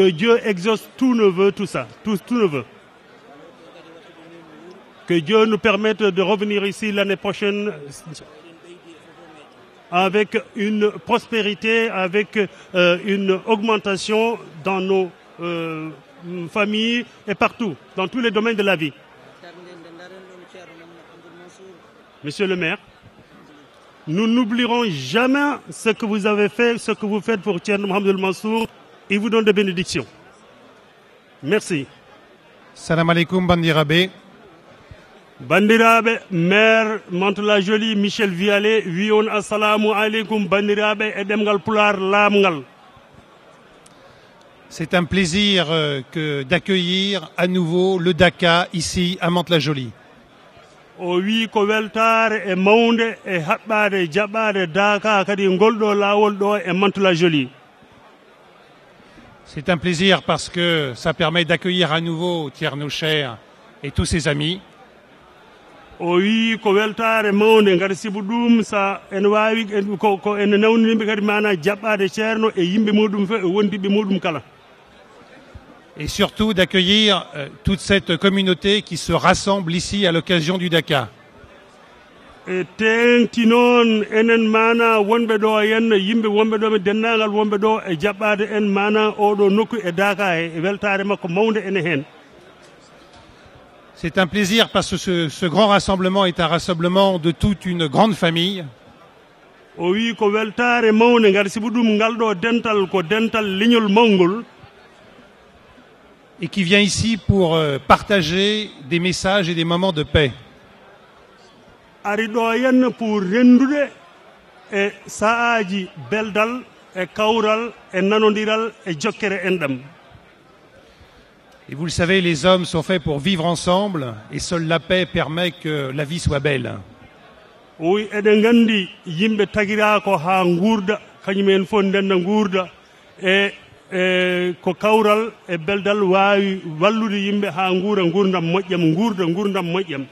que Dieu exauce tout neveu, tout ça, tout, tout veut Que Dieu nous permette de revenir ici l'année prochaine avec une prospérité, avec euh, une augmentation dans nos euh, familles et partout, dans tous les domaines de la vie. Monsieur le maire, nous n'oublierons jamais ce que vous avez fait, ce que vous faites pour Thierno Mohamed Mansour. Il vous donne des bénédictions. Merci. Salam alaikum bandirabe. Bandirabe, maire mantula jolie, michel Vialet, Vion, assalamu alaikum, Bandirabe, Edemgal, Poular, Lamgal. C'est un plaisir euh, que d'accueillir à nouveau le Dakar ici à Mantes-la-Jolie. Oui, wi ko weltare e et e haɓɓade jaɓɓade daka kadi goldo lawol do e jolie c'est un plaisir parce que ça permet d'accueillir à nouveau Tierno Cher et tous ses amis. E e et surtout d'accueillir euh, toute cette communauté qui se rassemble ici à l'occasion du Dakar e tengti noon enen mana wonɓe ɗo henna yimɓe wonɓe ɗo ɓe dennagal wonɓe ɗo e jaɓɓade en mana oɗo nokku e daaka e weltare makko mawnde ene hen C'est un plaisir parce que ce, ce grand rassemblement est un rassemblement de toute une grande famille. o wi ko weltare mawde ngar sibu ɗum ngal ɗo dental ko dental leñol mawgol et qui vient ici pour euh, partager des messages et des moments de paix ari ɗo henna pour rendude e sa'aji beldal e kawral e nanodiral e jokkere Et vous le savez, les hommes sont faits pour vivre ensemble et seule la paix permet que la vie soit belle. Oui, eɗen gandi yimbe tagira ko ha guurda kañumen fof ndenda guurda e e ko kawral et beldal wawi wallude yimɓe ha guura guurdam moƴƴam guurda guurdam moƴƴam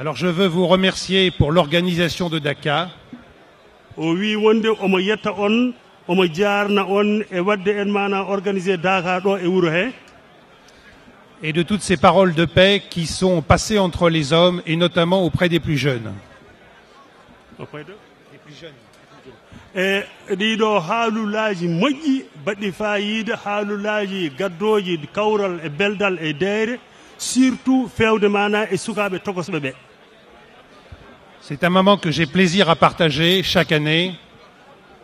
alors je veux vous remercier pour l'organisation de Dakar. E e et de toutes ces paroles de paix qui sont passées entre les hommes et notamment auprès des plus jeunes. C'est un moment que j'ai plaisir à partager chaque année.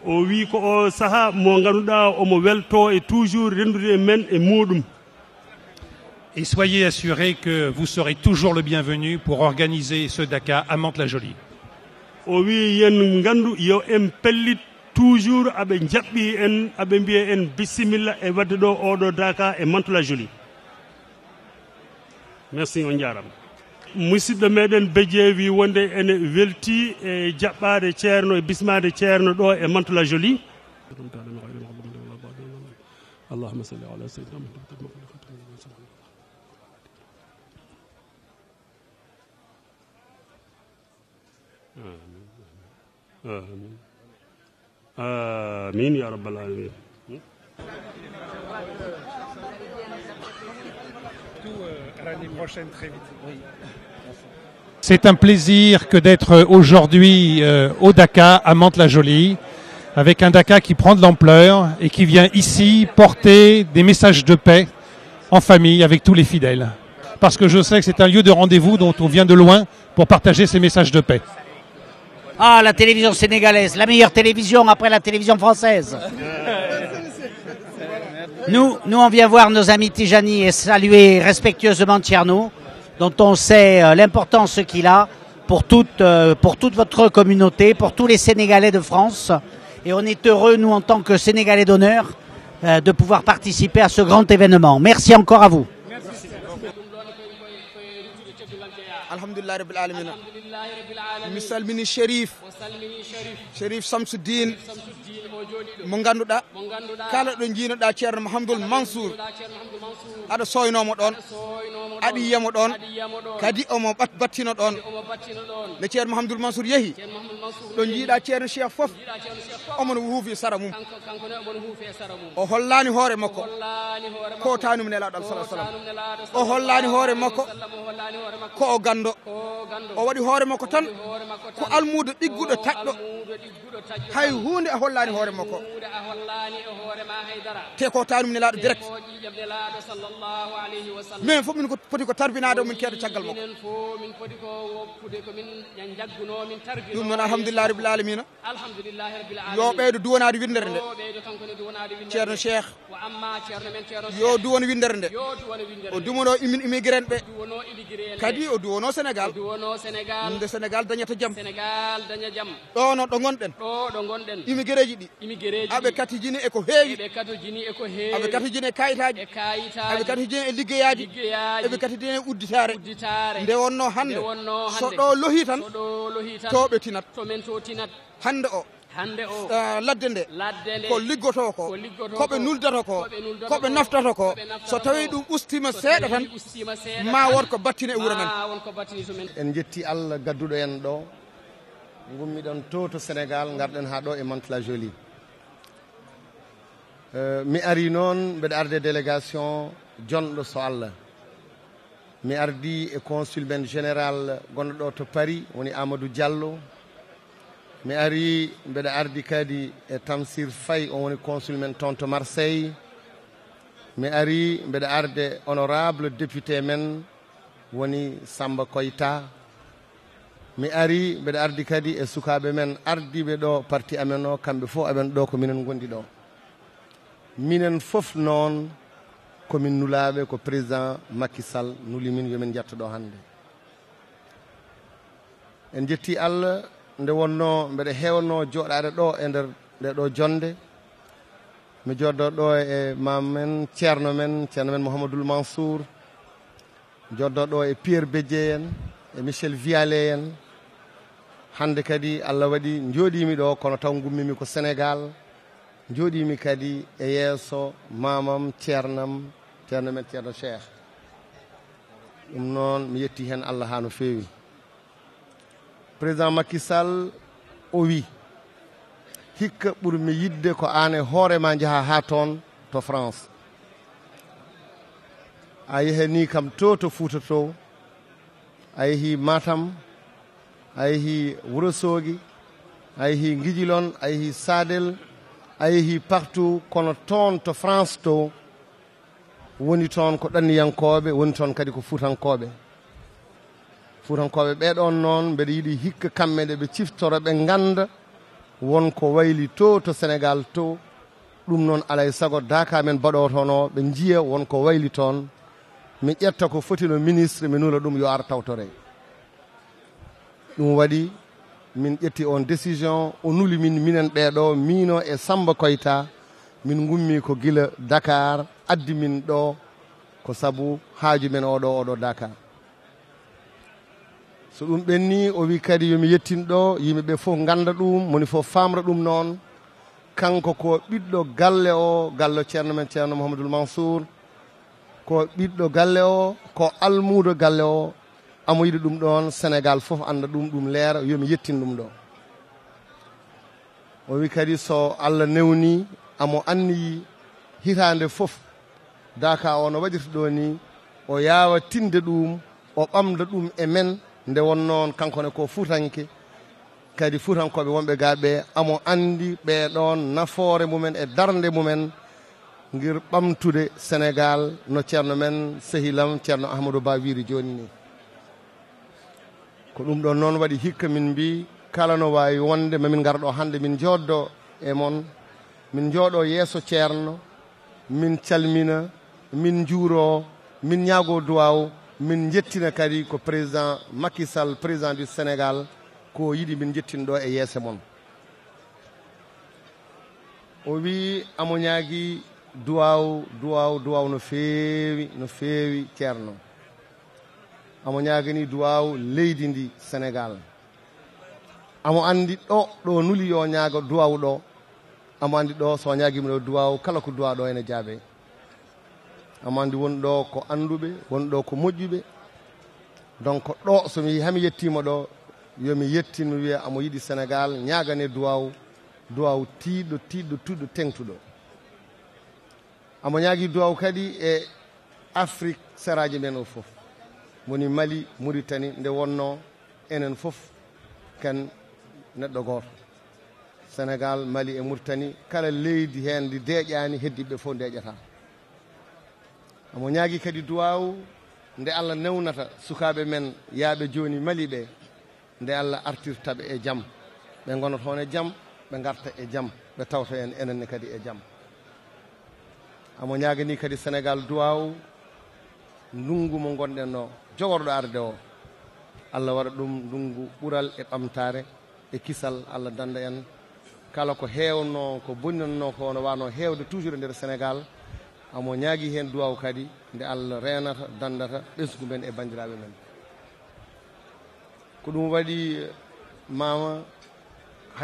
Et soyez assurés que vous serez toujours le bienvenu pour organiser ce Dakar à mante la jolie merci on musidɗo meɗen wi wonde ene welti e jaɓɓade ceerno e bismade ceerno ɗo e mantula joli ya rabbal alamin euh, à l'année prochaine très vite. C'est un plaisir que d'être aujourd'hui euh, au Dakar, à Mantes-la-Jolie, avec un Dakar qui prend de l'ampleur et qui vient ici porter des messages de paix en famille avec tous les fidèles. Parce que je sais que c'est un lieu de rendez-vous dont on vient de loin pour partager ces messages de paix. Ah, la télévision sénégalaise, la meilleure télévision après la télévision française. Nous, nous on vient voir nos amis Tijani et saluer respectueusement Tierno dont on sait euh, l'importance qu'il a pour toute, euh, pour toute votre communauté, pour tous les Sénégalais de France. Et on est heureux, nous, en tant que Sénégalais d'honneur, euh, de pouvoir participer à ce grand événement. Merci encore à vous. mo ngannduɗa kala ɗo jiinoɗa ceerno mahamdoul mansour aɗa soynomo ɗon aɗa yiyamo ɗon kadi omo battino ɗon nde ceerno mahamdoul mansour yeehi ɗo jiiɗa ceerno cheikh foof omono huufi e e sara mum o hollani hoore makko kotanimo nelaɗo alah saah sallam o hollani hoore makko ko o gando o waɗi hoore makko tan ko almudo ɗigguɗo taƴɗo hay hunde a hollani هواري هواري مكو تيكو تانو من لادو ديركت مين فو من فوديكو تربي نادو من كيادو چنگل مكو مين فوديكو فوديكو من ينجاقو نو من تربي نو من الحمد لله رب العالمين الحمد لله رب العالمين يو بيدو دوانا دو ويندرن يو بيدو كنكو دوانا دو ويندرن شيخ yo duwon winder nde o dumono imin immigrain ɓe kadi o duwono sénégal nde sénégal dañata jaam ɗono ɗo gonɗen immigré ji ɗi aɓe katijini eko heewi aɓe katijini e, e, e kayitaji aɓe katijini e liggeyaji eɓe katijini e udditare nde wonno hande so ɗo lohi tan toɓe tinat hande o hande o eh, ladde nde ko liggoto ko ko be nuldato ko ko be naftato ko so tawi ɗum ustima seeɗa tan e ma wonko battine e wuuro men en jetti allah gadduɗo en ɗo gummiɗon to to sénégal garden ha ɗo e mantla joli eh, mi ari noon mbeɗa arde délégation jonɗo so allah mi ardi e consul ben général gonɗo ɗo to paris woni amadou diallo mi ari mbeɗa ardi kadi e tamsir fay on woni consul men tonto marseille mi ari mbeɗa arde honorable député men woni samba koyta mi ari mbeɗa ardi kadi e sukaɓe men ardiɓe ɗo parti amen o kamɓe fof aɓen ɗo ko minen gondi ɗo minen foof noon komin nulaɓe ko président makisall nulimin yomin jatto ɗo hande en jetti allah nde wonno mbeɗa hewno joɗade ɗo e nder nde ɗo jonde mi joddo ɗo e mamen ceerno men ceerno men mouhamadoul mansour joddo ɗo e pierre bédié en e michel vialé en hande kadi allah waɗi joɗimi ɗo kono taw gummimi ko sénégal joɗimi kadi e yesso mamam ceernam ceerno men ceerno cheikh ɗum noon mi yetti hen allah ha no fewi président macky sall o wi hikka ɓurmi yidde ko an e hoorema jaha ha toon to france a yehani kam to to fuuta to a yeehi matam a yeehi wourossoogi a yeehi guijilon a yeehi sadel a yeehi partout kono toon to france to woni toon ko ɗanniyankoɓe woni toon kadi ko fuutankoɓe fuutankoɓe ɓeɗon noon mbeɗa yiiɗi hikka kamɓe ɗe ɓe ciftoro ɓe ganda wonko wayli to to sénégal to ɗum noon alay saago daka men baɗotono ɓe jiiya wonko wayli toon mi ƴetta ko foti no ministre mi nuula ɗum yo ar tawtore ɗum waɗi min ƴetti on décision o nuli min minen ɓeɗo miino e samba koyta min gummi ko guila dakar addi min ɗo ko saabu haaju men oɗo oɗo dakar so ɗum ɓenni o wi kadi yomi yettinɗo yimɓeɓe fof ganda ɗum moni fof famra ɗum noon kanko ko ɓiɗɗo galle o gallo ceerno men ceerno mouhamadoul mansour ko ɓiɗɗo galle o ko almudo galle o amo yiɗi ɗum ɗon sénégal fof anda ɗum ɗum leera yomi yettin ɗum ɗo o wi kadi so allah newni amo anni hitande fof daka o no waɗirta ɗo ni o yawa tinde ɗum o ɓamda ɗum e men nde wonnoon kanko ne ko futanke kadi futankoɓe wonɓe gaaɓe amo andi ɓeɗon nafoore mumen e darde mumen ngir ɓamtude sénégal no ceerno men sehilam ceerno ahmadou ba wiiri joni ni ko ɗum ɗon noon waɗi hikka min mbi kala no wawi wonde mamin garɗo hande min jooddo e moon min jooɗo yesso ceerno min calmina min juuro min ñaago duwaw min jettina kadi ko président makisal président du sénégal ko yiɗi min jettin ɗo e yeese moon o wii amoñaagi duwaw duwaw duwaw no feewi no feewi ceerno amoñaagi ni duwaw leydi ndi sénégal amo anndi ɗo ɗo nuli yo ñaago duwaw ɗo amo anndi ɗo so ñaagimi ɗo duwaw kala ko duwa ɗo ene jaabee omo anndi woni ɗo ko annduɓe woni ɗo ko moƴƴuɓe donc ɗo somi yii hami yettima ɗo yomi yettin mi wiya amo yiɗi sénégal ñagane duwaw duwaw tiɗɗo tiɗɗo tuɗɗo tengtuɗo amo ñaagui duwaw kadi e afrique saraji men o fof woni mali maritani nde wonno enen fof ken neɗɗo goto sénégal mali e maritani kala leydi hen ndi deƴani heddiɓe fof deƴata omo ñaagi kadi duwawu nde allah newnata sukaɓe men yaaɓe joni mali ɓe nde allah artirtaɓe e jaam ɓe gona toon e jaam ɓe garta e jaam ɓe tawta en enenne kadi e jaam omo ñagani kadi sénégal duwawu ndunggu mo gonɗen o jogorɗo arde o allah waɗa ɗum ndunggu ɓural e ɓamtare e kisal allah danda en kala ko hewno ko boninanno ko no wano hewde toujours e nder sénégal omo hen duwaw kadi nde allah dandata ɓesgu men e bandiraɓe men ko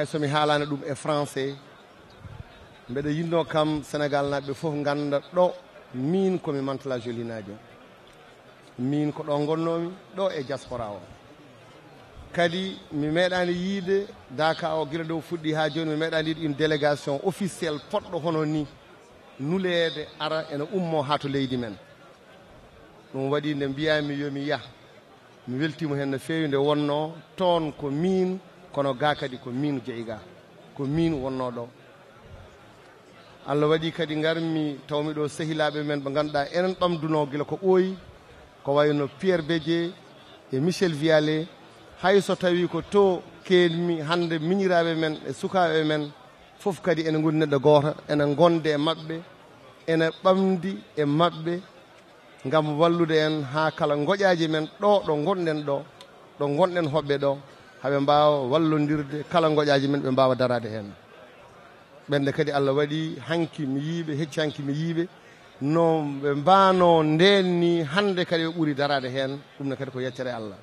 somi e français mais kam sénégal naɓe ganda min komi mantala joli min ko gonnomi e diaspora kadi mi meeɗani yiide daka o de dow fuɗɗi ha joni mi meeɗani une délégation officielle hono nuleede ara ene ummo haa to leydi men ɗum waɗi nde mbiyami yomi yaha mi weltima hen no fewi nde wonno toon ko min kono ga kadi ko min jeyga ko min wonno ɗo allah waɗi kadi garmi tawmi ɗo sehilaɓe men ɓe ganduɗa enen ɓamduno guila ko ɓooyi ko wayno pierre bédié e michel vialé hayso tawi ko to kelmi hande miñiraɓe men e sukaɓe men foof kadi ene goni neɗɗo goto ene gonde e maɓɓe ene ɓamdi e maɓɓe ngam wallude en haa kala goƴaaji men ɗo ɗo gonɗen ɗo ɗo gonɗen hoɓɓe ɗo haɓe mbaawa wallodirde kala goƴaaji men ɓe mbaawa daraade heen ɓennde kadi allah waɗi hanki mi yiiɓe hecci hanki mi yiiɓe no ɓe mbaano ndeen ni hannde kadi ɓe ɓuri daraade heen ɗum ne kadi ko yeccere allah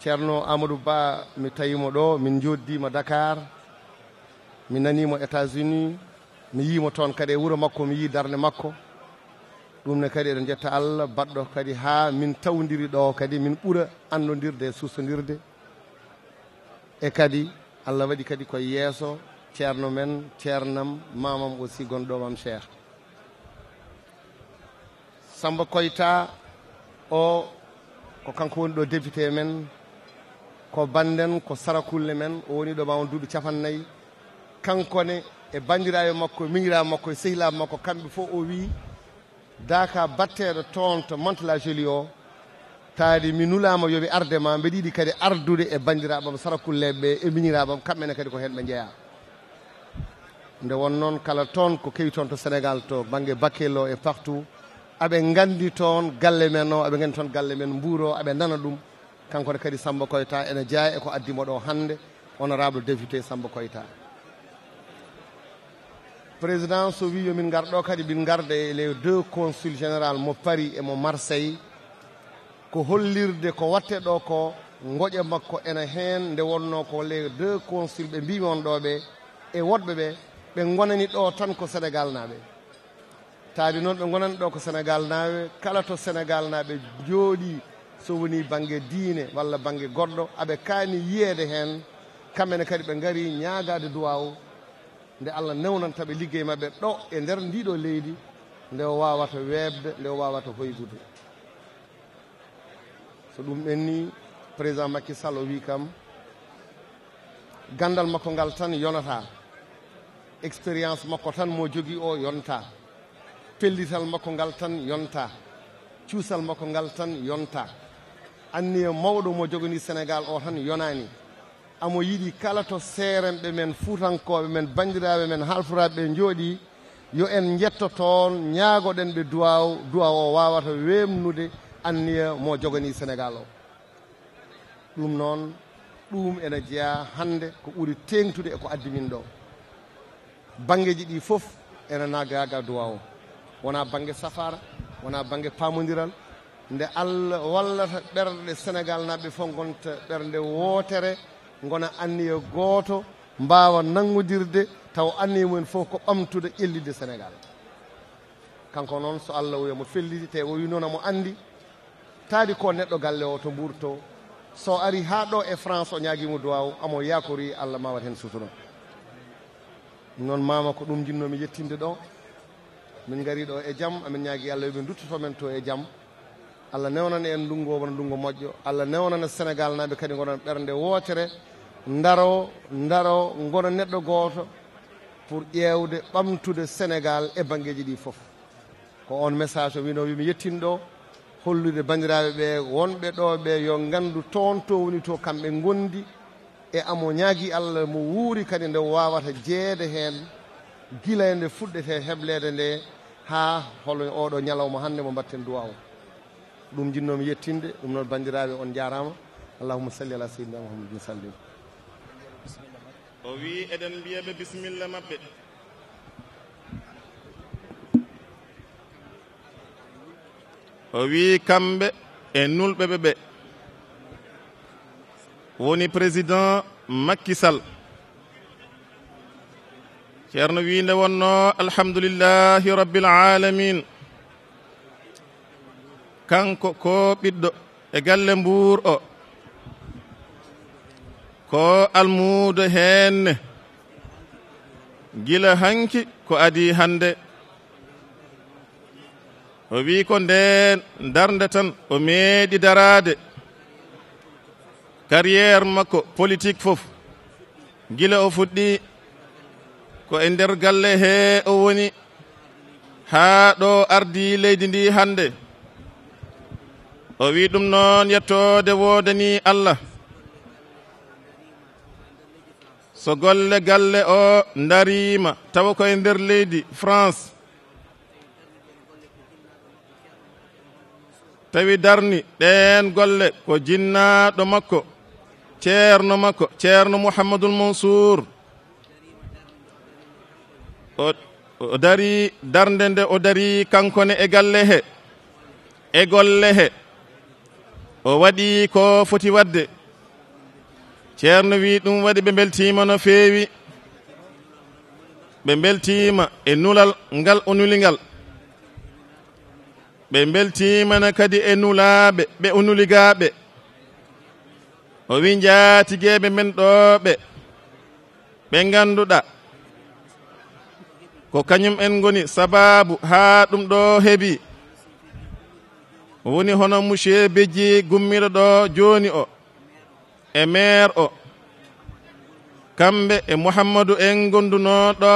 ceerno amadou ba mi tawiimo ɗo min njooddiima dakar mi naniimo états unis mi yiimo toon kadi e wuro makko mi yii darde makko ɗum ne kadi eɗen jetta allah baɗɗo kadi haa min tawdiri ɗo kadi min ɓura anndodirde e sustodirde e kadi allah waɗi kadi ko yeeso ceerno men ceernam mamam aussi gonɗomam cheikh samba koyta o ko kanko woni ɗo député men ko banden ko sarakulle men o woni ɗo mawon duuɓi capannayyi kankone e bandiraɓe makko miñiraɓe makko e sehilaɓe makko kamɓe fof o wi daka batteɗo toon to mantela joli o taadi mi nulama yooɓe arde ma mbeɗa yiɗi kadi ardude e bandiraɓam sarakulleɓeɓe e miñiraɓam kamɓene kadi ko hen ɓe jeeya nde won noon kala toon ko kewi toon to sénégal to banggue bakkel o e partout aɓe gandi toon galle men o aɓe gandi toon galle men mbuuro aɓe nana ɗum kankone kadi samba koyta ene jeeya eko addimo ɗo hande honorable député samba koyta président so wi yomin garɗo kadi min garda e les deux consul général mo paris e mo marseille ko hollirde ko watte ɗo ko goƴa makko ene hen nde wonno ko les deux consul ɓe mbimi on ɗoɓe e woɗɓe ɓe ɓe gonani ɗo tan ko sénégal naɓe taadi noon ɓe gonani ɗo ko sénégal naɓe kala to sénégal naɓe jooɗi so woni bangue diine walla bangue goɗɗo aɓe kaani yiyede hen kamɓene kadi ɓe gaari ñagade duwawu nde allah newnanta ɓe liggey maɓɓe ɗo e nder ndiɗo leydi nde o wawata weebde nde o wawata hoygude so ɗum ɓenni président makky sall o wi kam gandal makko ngal tan yonata expérience makko tan mo jogui o yonta pellital makko ngal tan yonta cuusal makko ngal tan yonta anniye mawɗo mo jogani sénégal o tan yonani amo yiɗi kala to seeremɓe men fuutankoɓe men bandiraɓe men halfuraɓe ɓe jooɗi yo en jetto toon ñaagoɗen ɓe duwaw duwa o wawata wemnude anniya mo jogani sénégal o ɗum noon ɗum ene jeeya hande ko ɓuuri tengtude eko addimin ɗo bangueji ɗi foof ene nagaga duwa o wona bangue safara wona bangue pamodiral nde allah wallata ɓerɗe sénégal naɓɓe fo gonta ɓerde wootere gona anni e gooto mbawa nangodirde taw anni e mumen fof ko ɓamtude ƴellidde sénégal kanko noon so allah wiyamo fellidi te o wi noon amo andi taadi ko neɗɗo galle o to mburto so ari ha ɗo e france o ñaguimo duwaw amo yakori allah mawat hen sutuno noon mama ko ɗum jinnomi yettinde ɗo min gari ɗo e jaam amin ñagui allah yoɓe duttotomen to e jaam allah newnana en ndunggo wona ndunggo moƴƴo allah newnana sénégal naɓe kadi gonan ɓerde wotere ndaro ndaro gono neɗɗo gooto pour ƴeewde ɓamtude sénégal e banggueji ɗi fof ko on message o wino wimi yettinɗo hollude bandiraɓe ɓe wonɓe ɗo ɓe yo ngandu toon to woni to kamɓe gondi e amo ñaagui allah mo wuuri kadi nde wawata jeede hen guilaynde fuɗɗete heblede nde ha hol oɗo ñalawma hande mo mbatten duwa o ɗum jinnomi yettinde ɗum noon bandiraɓe on jarama allahuma salli ala seydina mouhamadin sallim وي ادن بيي بسم الله مابي وي كامب انول بيبي بي وني بريزيدان ماكي سال شيرنا وي نوانو الحمد لله العالمين كانكو ko almuudo heenne gila hanki ko adi hannde o wii ko ndeen darnde tan o meeɗi daraade carriére makko politique fof gila o fuɗɗii ko e ndeer galle hee o woni haa ɗo ardii leydi ndii hannde o wii ɗum noon yettoode woode nii allah so golle galle o ndariima tawa koye ndeer leydi france tawi darni ɗeen golle ko jinnaaɗo makko ceerno makko ceerno mouhammadoul mansour o o dari darnde nde o dari kankone e galle he e golle he o waɗi ko foti waɗde ceerno wi ɗum waɗi ɓe beltima no feewi ɓe beltima e nulal ngal onuligal ɓe beltimana kadi e nulaɓe ɓe onuligaɓe o wi jaatigueɓe men ɗoɓe ɓe ganduɗa ko kañum en goni sababu ha ɗum ɗo heebi woni hono monsieur beji gummiɗo ɗo joni o e maire o kamɓe e mouhammadou en gonndunoɗo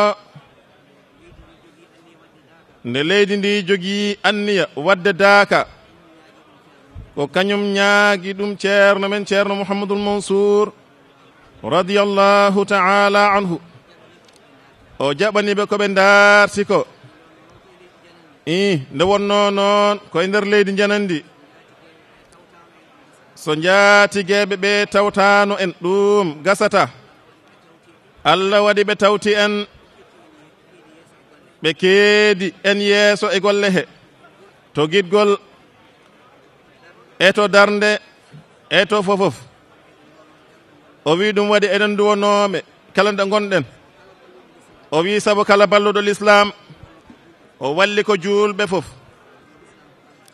nde leydi ndi jogii anniya wadde daaka ko kañum ñaagi ɗum ceerno men ceerno mouhammadoul mansour radiallahu taala anhu o jaɓaniɓe koɓe ndaarti ko i nde wonno noon koye nder leydi janandi so jaati geɓe ɓe tawtano en ɗum gasata allah waɗi ɓe tawti en ɓe keedi en yeeso e golle he to gidgol e to darde e to fofof o wi ɗum waɗi eɗen duwonoɓe kala nde gonɗen o wi saabu kala balluɗo l'islam o walli ko juulɓe fof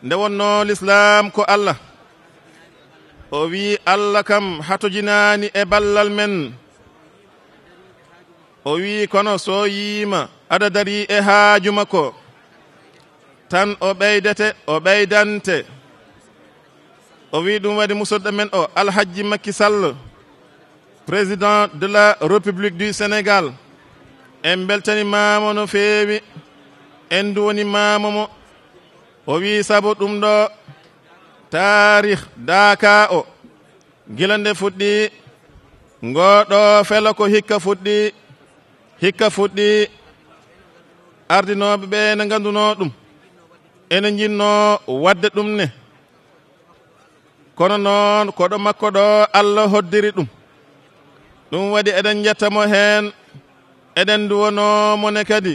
nde wonno l'islam ko allah o wi'i allah kam hatojinaani e ballal men o wi'i kono so yiima ada dari e haaju makko tan o ɓeydete o ɓeydante o wi ɗum waɗi musodɗo men o alhaji makki sall président de la république du sénégal en beltani maamo no feewi en duwoni maamo mo o wi sabu ɗum ɗo tarih daka o gilande fuɗɗi goɗo felo ko hikka fuɗɗi hikka fuɗɗi ardinoɓe ɓe ne ganduno ɗum ene jinno wadde ɗum ne kono noon koɗo makko ɗo allah hoddiri ɗum ɗum waɗi eɗen jettamo hen eɗen duwono mone kadi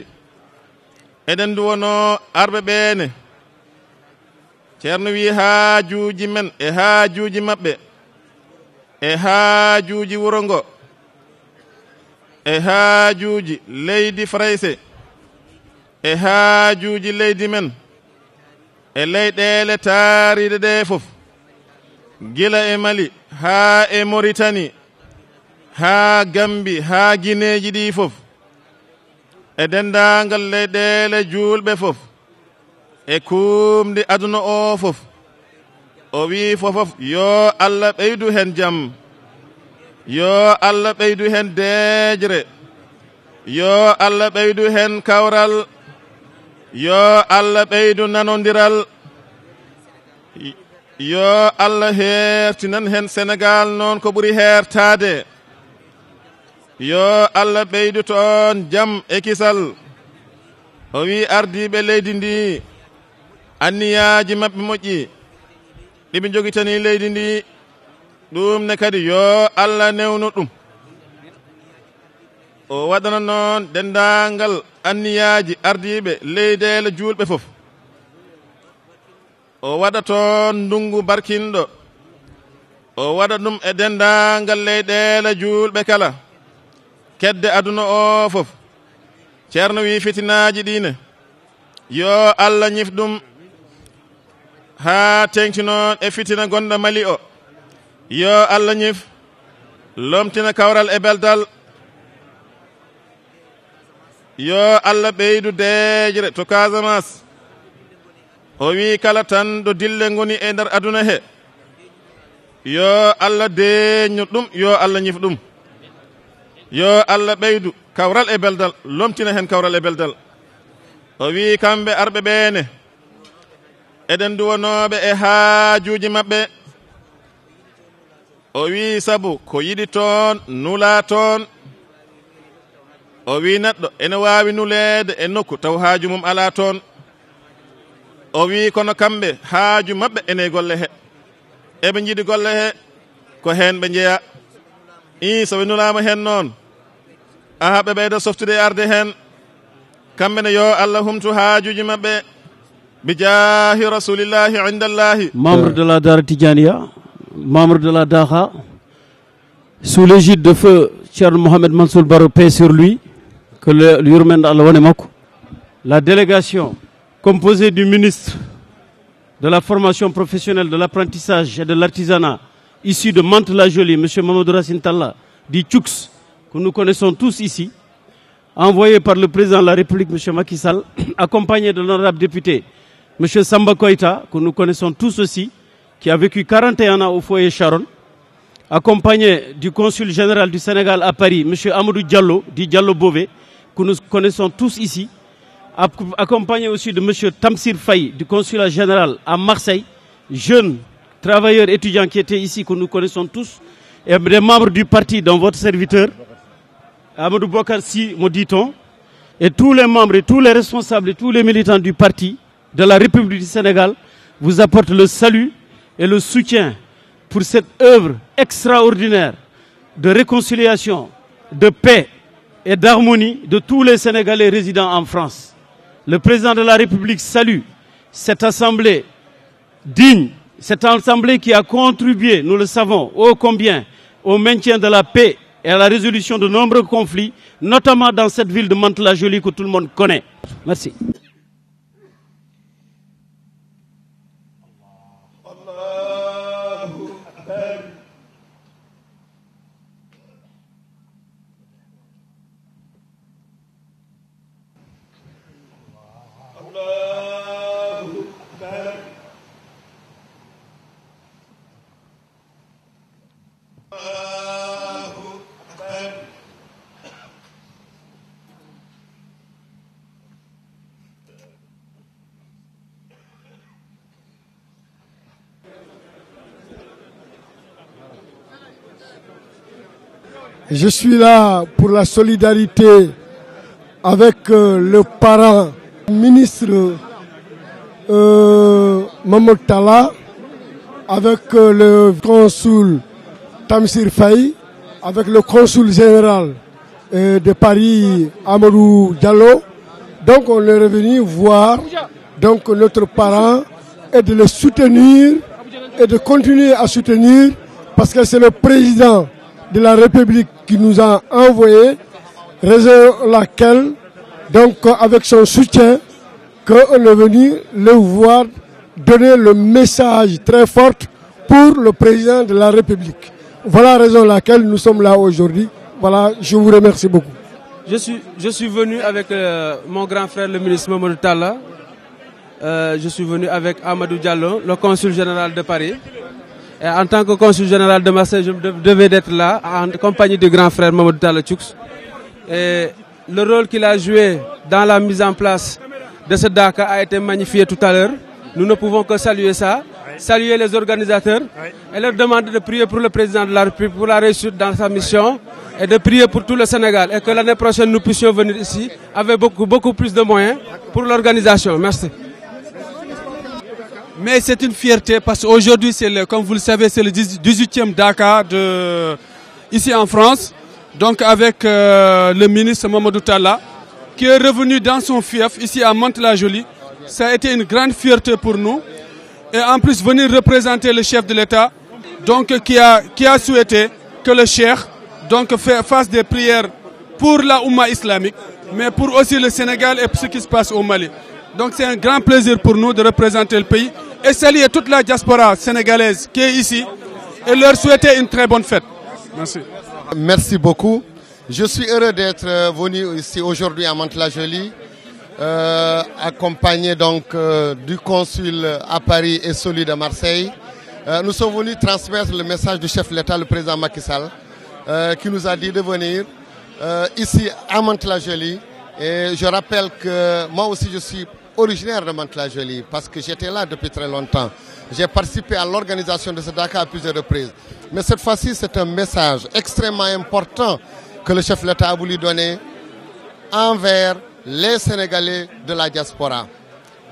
eɗen duwono arɓe ɓene ceerno wi haa juuji men e haa juuji maɓɓe e haa juuji wuro ngo e haa juuji leydi fraysé e haa juuji leydi men e leyɗeele taariɗe ɗe fof gila e mali haa e maritani haa gambi haa gineeji ɗi fof e denndaangal leyɗeele juulɓe fof e kumde aduna o fof o wi fofof yo allah ɓeydu hen jaam yo allah ɓeydu hen deejre yo allah ɓeydu hen kawral yo allah ɓeydu nanodiral yo allah heertinan hen sénégal noon ko ɓuri heertade yo allah ɓeydu toon jaam e kisal o wi ardiɓe leydi ndi anniyaji maɓɓe moƴƴi ɗiɓe jogitani leydi ndi ɗumne kadi yo allah newno ɗum o waɗana noon dendangal anniyaji ardiɓe leydele julɓe foof o waɗa toon ndungu barkinɗo o waɗa ɗum e dendangal leyɗele julɓe kala kedde aduna o foof ceerno wi fitinaji ɗine yo allah ñif ɗum ha tengti noon e fitina gonɗo mali o yo allah ñif lomtina kawral e beldal yo allah ɓeydu deejre to casamas o wi kala tan ɗo dille goni e nder aduna he yo allah deeñu ɗum yo allah ñif ɗum yo allah ɓeydu kawral e beldal lomtina hen kawral e beldal o wi kamɓe arɓe ɓeene eɗen duwanoɓe e haajuji maɓɓe o wi saabu ko yiɗi toon nula toon o wi neɗɗo ene wawi nuleede e nokku taw haaju mum ala toon o wi kono kamɓe haaju maɓɓe ene golle he eɓe jiɗi golle he ko hen ɓe jeeya i soɓe nulama hen noon aha ɓe ɓeyda softude arde hen kamɓene yo allah humtu haajuji maɓɓe membre de la Dar Tidjania membre de la Daha, sous l'égide de feu Thierno Mohamed Mansour Baro paix sur lui que le yurmende Allah la délégation composée du ministre de la formation professionnelle de l'apprentissage et de l'artisanat issu de Mante la jolie monsieur Mamadou Racine Talla dit Tchouks que nous connaissons tous ici envoyé par le président de la République monsieur Macky Sall accompagné de l'honorable député M. Samba Koïta, que nous connaissons tous aussi, qui a vécu 41 ans au foyer Sharon, accompagné du consul général du Sénégal à Paris, M. Amadou Diallo, dit Diallo Bové, que nous connaissons tous ici, accompagné aussi de M. Tamsir Faye, du consulat général à Marseille, jeune travailleur étudiant qui était ici, que nous connaissons tous, et des membres du parti dont votre serviteur, Amadou Bokarsi, me dit-on, et tous les membres, et tous les responsables, tous les militants du parti, de la République du Sénégal vous apporte le salut et le soutien pour cette œuvre extraordinaire de réconciliation, de paix et d'harmonie de tous les Sénégalais résidant en France. Le président de la République salue cette assemblée digne, cette assemblée qui a contribué, nous le savons, ô combien, au maintien de la paix et à la résolution de nombreux conflits, notamment dans cette ville de Mantes-la-Jolie que tout le monde connaît. Merci. Je suis là pour la solidarité avec euh, le parent ministre euh, Mamoud Tala, avec euh, le consul Tamsir Faye, avec le consul général euh, de Paris Amadou Diallo. Donc on est revenu voir donc notre parent et de le soutenir et de continuer à soutenir parce que c'est le président de la République qui nous a envoyé, raison laquelle, donc avec son soutien, qu'on est venu le voir donner le message très fort pour le président de la République. Voilà la raison laquelle nous sommes là aujourd'hui. Voilà, je vous remercie beaucoup. Je suis, je suis venu avec euh, mon grand frère, le ministre Moultala. Tala, euh, je suis venu avec Amadou Diallo, le consul général de Paris en tant que consul général de Marseille, je devais être là, en compagnie du grand frère Mamadou Talachoux. Et le rôle qu'il a joué dans la mise en place de ce DACA a été magnifié tout à l'heure. Nous ne pouvons que saluer ça, saluer les organisateurs et leur demander de prier pour le président de la République, pour la réussite dans sa mission et de prier pour tout le Sénégal et que l'année prochaine nous puissions venir ici avec beaucoup, beaucoup plus de moyens pour l'organisation. Merci. Mais c'est une fierté parce qu'aujourd'hui, comme vous le savez, c'est le 18e Dakar ici en France. Donc avec euh, le ministre Mamadou Talla, qui est revenu dans son fief ici à Mantes-la-Jolie. Ça a été une grande fierté pour nous. Et en plus, venir représenter le chef de l'État, donc qui a, qui a souhaité que le chef donc, fasse des prières pour la Oumma islamique, mais pour aussi le Sénégal et pour ce qui se passe au Mali. Donc c'est un grand plaisir pour nous de représenter le pays et saluer toute la diaspora sénégalaise qui est ici et leur souhaiter une très bonne fête. Merci. Merci beaucoup. Je suis heureux d'être euh, venu ici aujourd'hui à Mantes-la-Jolie, euh, accompagné donc euh, du consul à Paris et celui de Marseille. nous sommes venus transmettre le message du chef de l'État, le président Macky Sall, qui nous a dit de venir ici à Mantes-la-Jolie. Et je rappelle que moi aussi je suis originaire de Mantes-la-Jolie parce que j'étais là depuis très longtemps. J'ai participé à l'organisation de ce Dakar à plusieurs reprises. Mais cette fois-ci, c'est un message extrêmement important que le chef de l'État a voulu donner envers les Sénégalais de la diaspora.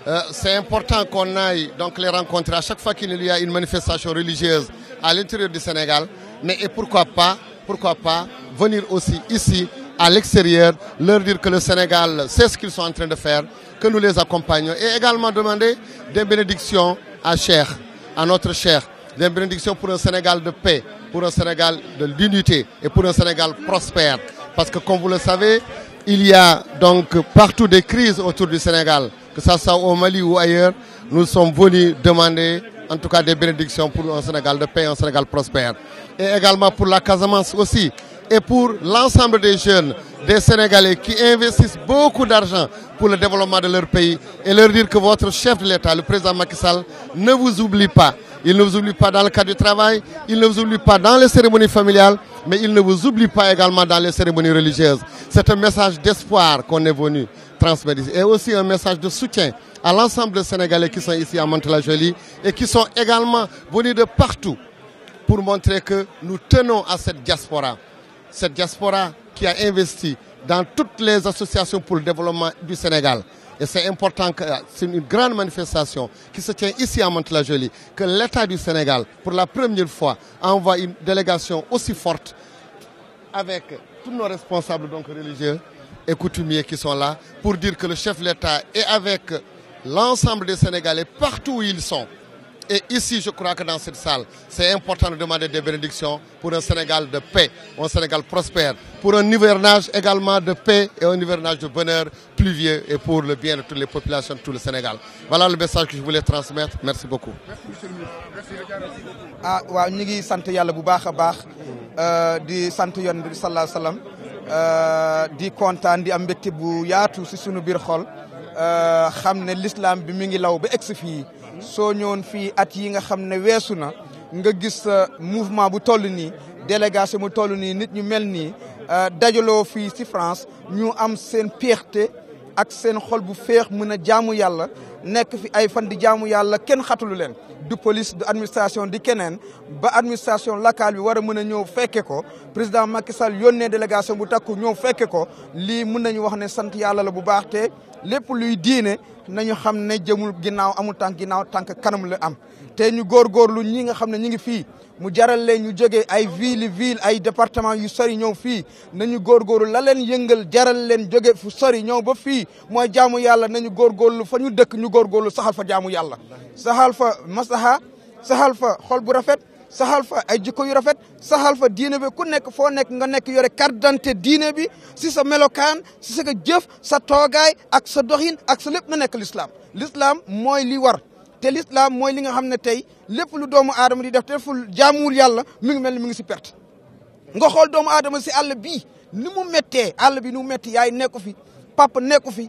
Euh, c'est important qu'on aille donc les rencontrer à chaque fois qu'il y a une manifestation religieuse à l'intérieur du Sénégal, mais et pourquoi pas, pourquoi pas venir aussi ici à l'extérieur, leur dire que le Sénégal c'est ce qu'ils sont en train de faire, que nous les accompagnons. Et également demander des bénédictions à Cher, à notre Cher, des bénédictions pour un Sénégal de paix, pour un Sénégal de l'unité et pour un Sénégal prospère. Parce que comme vous le savez, il y a donc partout des crises autour du Sénégal, que ce soit au Mali ou ailleurs. Nous sommes venus demander en tout cas des bénédictions pour un Sénégal de paix, un Sénégal prospère. Et également pour la Casamance aussi, et pour l'ensemble des jeunes, des Sénégalais qui investissent beaucoup d'argent pour le développement de leur pays et leur dire que votre chef de l'État, le président Macky Sall, ne vous oublie pas. Il ne vous oublie pas dans le cadre du travail, il ne vous oublie pas dans les cérémonies familiales, mais il ne vous oublie pas également dans les cérémonies religieuses. C'est un message d'espoir qu'on est venu transmettre et aussi un message de soutien à l'ensemble des Sénégalais qui sont ici à mantes jolie et qui sont également venus de partout pour montrer que nous tenons à cette diaspora cette diaspora qui a investi dans toutes les associations pour le développement du Sénégal. Et c'est important que euh, c'est une grande manifestation qui se tient ici à mont la jolie que l'État du Sénégal, pour la première fois, envoie une délégation aussi forte avec tous nos responsables donc religieux et coutumiers qui sont là pour dire que le chef de l'État est avec l'ensemble des Sénégalais partout où ils sont. Et ici, je crois que dans cette salle, c'est important de demander des bénédictions pour un Sénégal de paix, un Sénégal prospère, pour un hivernage également de paix et un hivernage de bonheur pluvieux et pour le bien de toutes les populations de tout le Sénégal. Voilà le message que je voulais transmettre. Merci beaucoup. Merci, monsieur le l'islam soo ñëwoon fii at yi nga xam ne weesu na nga gis euh, mouvement bu toll nii délégation bu toll nii nit ñu mel nii euh, dajaloo fii ci France ñu am seen péexte ak seen xol bu feex mën a jaamu yàlla nekk fi ay fan di jaamu yàlla kenn xatulu leen du police du administration di keneen ba administration locale bi war a mën a ñëw fekke ko président Macky Sall yónnee délégation bu takku ñëw fekke ko lii mën nañu wax ne sant yàlla la bu baax te lépp luy diine nañu xam ne jëmul ginnaaw amul tànk ginnaaw tànk kanam la am. te ñu lu ñi nga xam ne ñu ngi fii mu jaral leen ñu jógee ay ville ville ay département yu sori ñëw fii nañu góorgóorlu la leen yëngal jaral leen jóge fu sori ñëw ba fii mooy jaamu yàlla nañu lu fa ñu dëkk ñu góorgóorlu saxal fa jaamu yàlla saxal fa masaha saxal fa xol bu rafet saxal fa ay jikko yu rafet saxal fa diine bi ku nekk foo nekk nga nekk yore carte d'identité diine bi si sa melokaan si sa jëf sa toogaay ak sa doxin ak sa lépp na nekk l'islam l'islam mooy li war te l'islam mooy li nga xam ne tey lépp lu doomu aadama di def te ful jaamuwul yàlla mi ngi mel ni mi ngi si perte nga xool doomu aadama si àll bii ni mu méttee àll bi nu mu métti yaay nekku fi papa nekku fi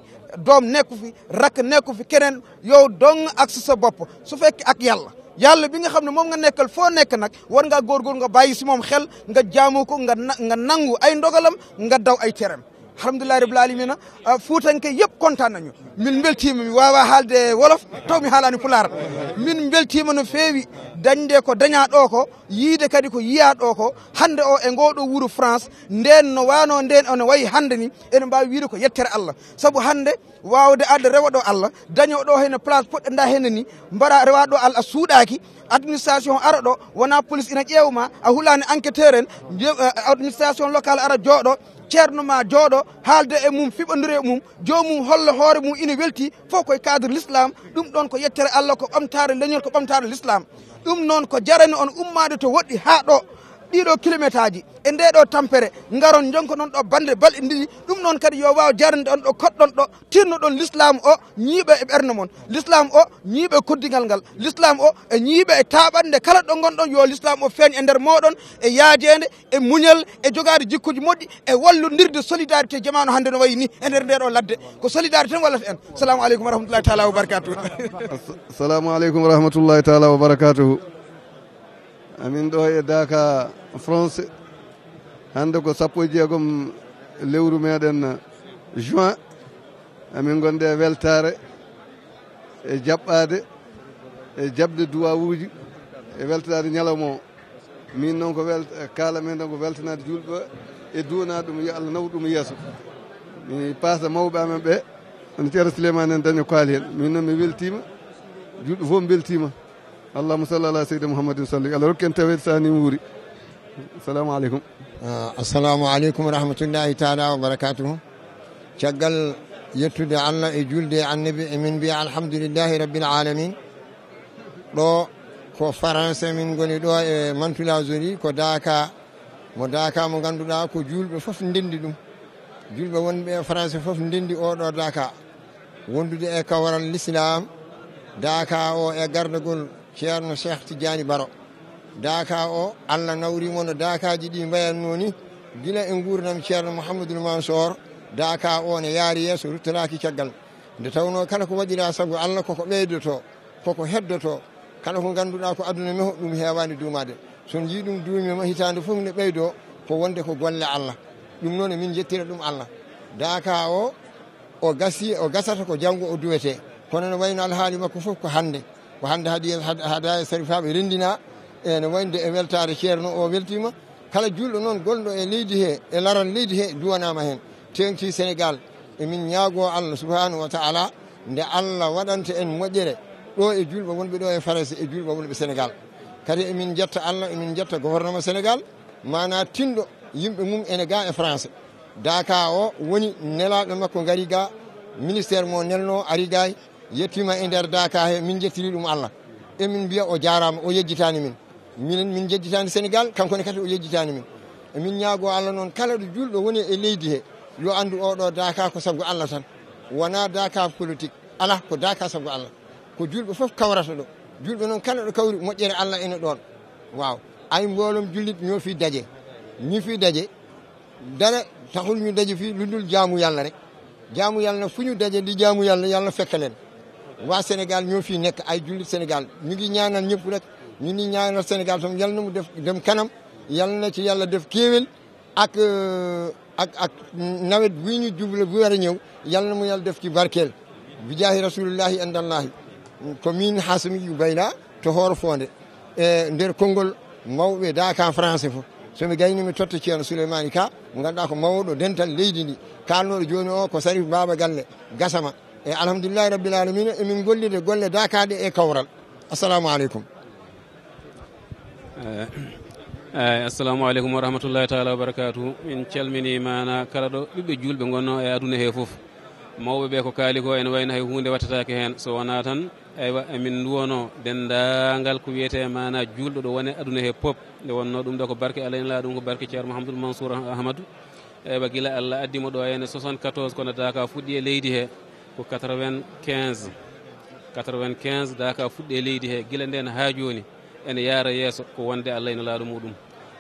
doom nekku fi rakk nekku fi keneen yow dong ak si sa bopp su fekk ak yàlla yàlla bi nga xam ne moom nga nekkal foo nekk nag war ngaa góorgóor nga bàyyi si moom xel nga jaamu ko nga nga nangu ay ndogalam nga daw ay terem alhamdulillah rabil alamina ah, fuutanke yeɓ content nañu min beltima mi wawa haalde wolof taw mi haalani pulara min beltima no fewi dañde ko daña ɗo ko yiide kadi ko yiya ɗo ko hande e o e goɗo wuuro france nden no wano nden ene wayi hande ni ene mbawi wiide ko yettere allah saabu hande wawde adde rewaɗo allah dañoɗo hene place poɗɗe da hene ni mbaɗa rewaɗo allah a suuɗaki administration ara ɗo wona police ina ƴewma a hulani enquêteur en eh, administration locale ara jooɗo ceerno ma jooɗo haalde e mum fiɓodire mum jomum holla hoore mum ina welti fof koye cadre l' islam ɗum ɗon ko yettere allah ko ɓamtare leñol ko ɓamtare l' islam ɗum noon ko jarani on ummade to woɗɗi haa ɗo ɗiɗo kilométre aji e ndeɗo tampere garon jonko noon ɗo bande balɗi ndiɗi ɗum noon kadi yo waw jarande on ɗo koɗɗon ɗo tinnoɗon l'islam o ñiiɓa e ɓerne moon l'islam o ñiiɓa e koddigal ngal l'islam o e ñiiɓa e taɓande kala ɗo gonɗon yo l'islam o feeñ e nder moɗon e yaajede e muñal e jogade jikkuji moƴƴi e wallodirde solidarité jamanu hande no wayi ni e nder ndeɗo ladde ko solidarité wallata en salamu aleykum wa rahmatullahi taala wa barakatuhu salamu aleykum wa rahmatullahi taala wa barakatuhu amin ɗo e daka france hande ko sappo e jeegom lewru meɗen juin amin gonde weltare e, e jaɓɓade e jaɓde duwa uji e weltanade ñalawma o min noon ko wel kala men ɗon ko weltanade julɓe e duwanade ɗum yo allah nawa ɗum e yeeso mi passa mawɓe amen ɓe ono ceero souleymane en daño kaali hen min noon mi weltima julɓe fof mi beltima allahuma salli ala seydi mouhamadin salli allah rokken tawede sani wuuri assalamu aleykum ah, assalamu aleykum wa rahmatullahi taala wa barakatuhu caggal yettude allah e julde annabi emin mbiya alhamdulillahi rabbil alamin ɗo ko français min goni ɗo e mantulageri ko daka mo daka mo ganduɗa ko julɓe foof ndendi ɗum julɓe wonɓe français foof ndendi oɗo daka wondude e kawral l'islam daka o e gardagol ceerno cheikh tidiani baro daka o allah nawrimo no dakaji ɗi mbayatnoni guila e gurdam ceerno mouhamadoul mansor daka o ne yaari yesso ruttoraki caggal nde tawno kala ko waɗira saabu allah koko ɓeydoto koko heddoto kala ko ganduɗa ko aduna meho ɗum hewani duumade son yi ɗum duumima hitande foof nde ɓeydo ko wonde ko golle allah ɗum noon e min jettira ɗum allah daka o o gasi o gasata ko janngo o duwete kono no wayno alhaali makko foof ko hannde ko hannde haada e sarifaaɓe renndina ene waynde e, e weltaare ceerno o weltiima kala juulɗo noon golɗo e leydi hee e laran leydi hee duwanaama heen teeŋti sénégal emin ñaagoo allah subahanahu wa taala nde allah waɗanta en moƴƴere ɗo e juulɓo wonɓe ɗo e farasi e juulɓo wonɓe sénégal kadi emin jetta allah emin jetta gouvernement sénégal mana tinɗo yimɓe mum ene ga e français daka o woni nelaaɗo makko ngari ga ministére mo nelno ari gay yettima e nder daka he min jettiri ɗum allah emin mbiya o jarama o yejjitani min minen min jejjitani sénégal kankone kadi o yejjitani min emin ñaago allah noon kala ɗo julɗo woni e leydi he yo andu oɗo daka ko saabu allah tan wona daka politique ala ko daka saabu allah ko julɓe foof kawrata ɗo julɓe noon kala ɗo kawri moƴƴere allah ene ɗon waw ay mbolom jullit ñoofi daje ñifi daje dara taxul ñu daje fi lundul jaamu yallah rek jaamu yallah fuñu daje ndi jaamu yallah yallah fekkalen wa senegal ñoo fi nekk ay jullit senegal ñu ngi ñaanal ñëpp rek ñu ni ñaanal senegal sama yalla mu def dem kanam yalla na ci yalla def kéewél ak ak ak nawet wi ñu jublu bu wara a ñëw yal na mu yalla def ci barkel bi jaahi rasulillahi andallahi hasmi yu bayna to hor fonde e nder konngol mawɓe dakan français fof somi gayni mi totti ci ceerno souleymani ka mo ganduɗa ko mawdo dental leydi ni kanno joni o ko sarif baba galle gasama eyi alhamdulillahi rabbil alamina emin gollide golle dakaɗe e kawral assalamu aleykum eyi eh, eh, assalamu aleykum wa rahmatullahi taala wa barakatuhu min calmini mana kala ɗo ɓiɓɓe julɓe gonno e aduna he foof mawɓe ɓe ko kaali ko ene wayno hay hunde wattatake hen so wona tan aywa emin duwono dendagal ko wiyete mana julɗo ɗo wone aduna he poop nde wonno ɗum ɗo ko barke allah ene la ɗum ko barke ceerno mahamadoul mansour ahmadou eywa guila allah addimo ɗo henne 74 kono daka fuɗɗi e leydi he ko 95 95 daka fuɗɗe leydi he guila nde ne ha joni ene yaara yesso ko wonde allah ene laaɗo muɗum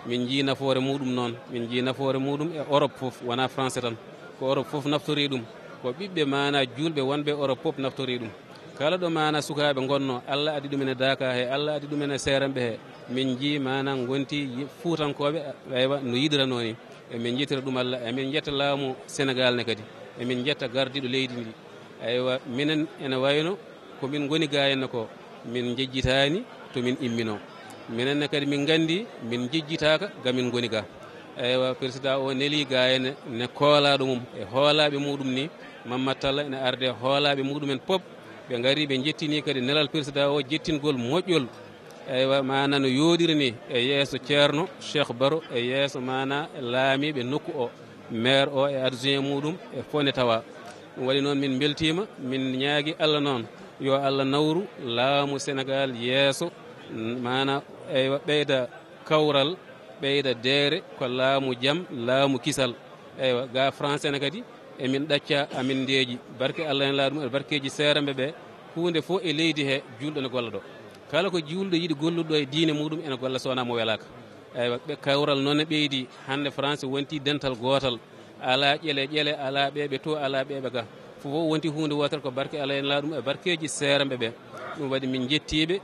min jii nafoore muɗum noon min jii nafoore muɗum e europe foof wona français tan ko europe foof naftori ɗum ko ɓiɓɓe mana julɓe wonɓe europe foof naftori ɗum kala ɗo mana sukaɓe gonno allah addi ɗum ene daka he allah addi ɗum ene seeranɓe he min jii mana gonti fuutankoɓe ewa no yiɗiranoni emin jettira ɗum allah emin jetta laamu sénégal ne kadi emin jetta gardiɗo leydi ndi aywa minen ene wayno komin goni ga henna ko min jejjitani tomin immino minenne kadi min gandi min jejjitaka gamin goni ga eywa président o neeli ga henne ne koola ɗumum e hoolaɓe muɗum ni mamadtalla ene arde hoolaɓe muɗumen poop ɓe gari ɓe jettini kadi nelal président o jettingol moƴƴol eywa mana no yoɗiri ni e yesso ceerno cheikh baro e yesso mana laamiɓe nokku o maire o e adjoint muɗum e fone tawa wali noon min beltima min ñaagui allah noon yo allah nawru laamu sénégal yeeso mana eywa ɓeyda kawral ɓeyda deere ko laamu jaam laamu kisal eywa ga france ene kadi emin ɗacca amin ndeeji barke allah en laa ɗum aɗa barkeji seeremɓe ɓe hunde fo e leydi he julɗo ne golla ɗo kala ko julɗo yiɗi golluɗo e diine muɗum ene golla sowona mo welaka eywa kawral noon ne ɓeydi hande france wonti dental gootal ala ƴeele ƴeele ala ɓeeɓe to ala ɓeeɓe ga fofo wonti hunde wotere ko barke ala en la ɗum e barkeji seeremɓe ɓe ɗum waɗi min jettiɓe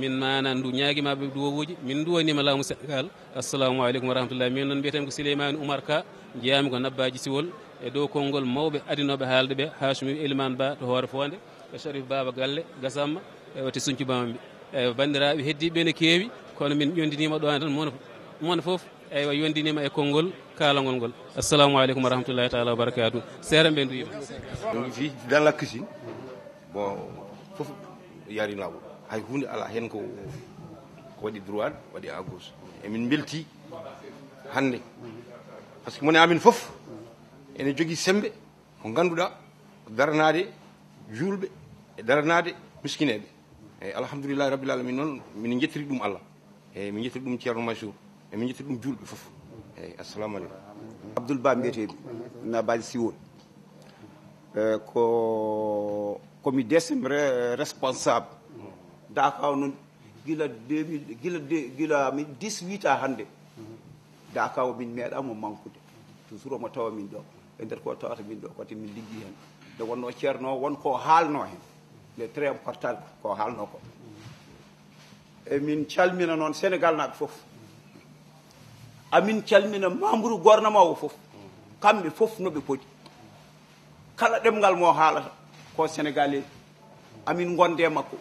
min manan du ñaguimaɓe duwowuji min duwanima laamu sénégal assalamu aleykum wa rahmatullah min noon mbiyatemi ko souleymani oumar ka jeyami ko nabbaji siwol e dow konngol mawɓe adinoɓe haalde ɓe hasumi elimane ba to hoore fonde e sharif baba galle gasamma ewte suñcubamamɓe e bandiraɓe e heddiɓe ne kewi kono min ƴondinima ɗo tan mon mon foof eyyi yondinima e konngol kalagol ngol assalamu aleykum wa rahmatullahi taala wabarakatu seeda mbe nduyima fi dan lakkisi bon foof yaari lawol hay hunde ala hen ko ko waɗi droit waɗi à gauche emin belti hande par ce que moni amin foof ene jogui sembe ko ganduɗa daranade julɓe e daranade miskineɓe eyyi alhamdulillahi rabbil alamin noon min jettiri ɗum allah eyyi min jettiri ɗum ceerno masour emin jetti ɗum julɓe foof eyyi assalamu aleykum abdoul ba mbiyeteɓi nabadi siwol eh, ko komi décembre responsable dakaw noon gila 2000 gila gila mi 18 a hande dakaw min meeɗamo manqude toujours omo tawa min ɗo e nder ko tawata min ɗo kadi min liggi hen nde wonno ceerno wonko haalno hen le très important ko haalno ko emin calmina noon sénégal naaɓe foof amin calmina mambru gornama o fof kamɓe fof noɓe pooti kala ɗemgal mo haalata ko sénégalie amin gonde makko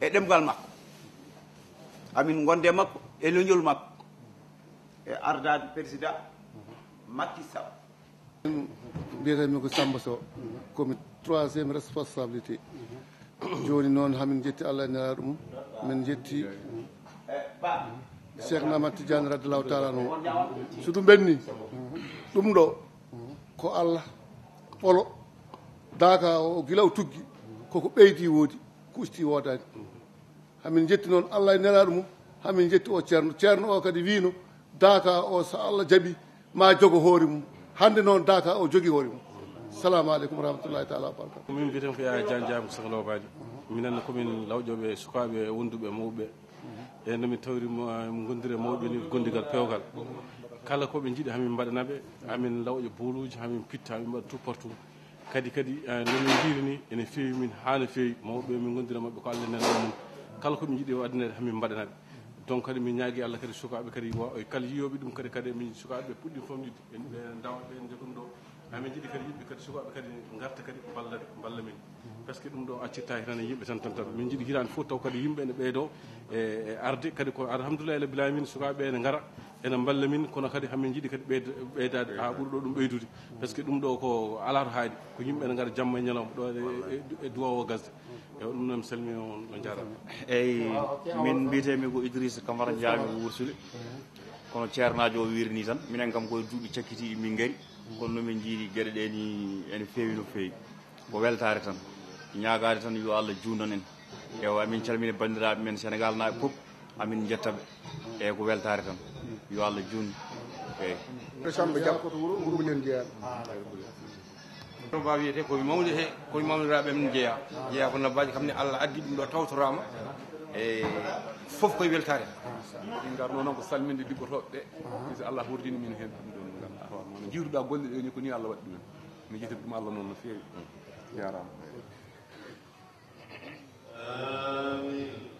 e ɗemgal makko amin gonde makko e leñol makko e ardade président makki sa mbiyatemi ko samba sow komi troisiéme responsabilité mhm. joni noon hamin jetti allah e neraɗo mum min jetti ba cheikh namadti diane radillahu taala no so ɗum ɓenni ɗum ɗo ko allah ɓolo daaka o gila o tuggi koko ɓeydi woodi kusti woodani hamin jetti noon allah e nelaɗo mum hamin jetti o ceerno ceerno o kadi wino daaka o so allah jaɓi ma jogo hoore mum hannde noon daaka o jogi hoore mum salamu aleykum wa rahmatullahi taala wabarakatu min mbiyeten ko ya diane diam sahlobaji minenne komin lawƴoɓe sukaɓe wonduɓe mawɓe eyi nomi tawrimo eh, gondiri e mawɓe ni gondigal pewgal kala koɓe jiiɗi hamin mbaɗanaɓe amin lawƴa booluji hamin pitta hamin mbaɗa tout partout kadi kadi eh, nomi jirini ene fewi min ha no fewi mawɓe min gondiri mabɓe ko allah nena mum kala koɓe jiiɗi waddanede e hamin mbaɗanaɓe donc kadi min ñaagui allah kadi sukaɓe kadi e kala yiyoɓe ɗum kadi kadi min sukaɓeɓe puɗɗi fomnide e dawaɓe en jogonɗo amin jiiɗi kadi yimɓe kadi sukaɓe kadi garta kadi ballade ballamin parce que ɗum ɗo accirta hitane e yimɓe tan tan tan min jiɗi hitande fof taw kadi yimɓe ne ɓeydo e arde kadi ko alhamdulillah ele bilamin sukaɓe ne gara ene balla min kono kadi hamin jiiɗi kadi ɓeydade ha ɓuurɗo ɗum ɓeydude parce que ɗum ɗo ko ala to haadi ko yimɓe ne gara jamma e ñalawma ɗo e, e, e duwawo gasde eyi ɗum noon mi salmi on no jarama eyyi min mbiyetemi ko idrissa camara jami wursule kono ceernajo o wirini tan minen kam koye duuɓi cakkitiɗi min gaari kono nomin jiiɗi gueɗe ɗe ni ene fewi no fewi ko weltare tan ñaagade tan yo allah juundon en ew amin calmini bandiraɓe men sénégal naaɓe foof amin jettaɓe eyyi ko weltare tan yo allah juundo eyiɗo mba wiyete koye mawde he koye mawniraɓe men jeeya jeeya ko nabbaji kamne allah addi ɗum ɗo tawtorama e foof koye weltare ɗin gar noo noon ko salminde liggotoɓe ɓe si allah hurdini min hen ɗum ɗo jiwruɗa golle ɗe ni ko ni allah waɗi ɗumen mi jitiri ɗum allah noon no fewi jarama Amen.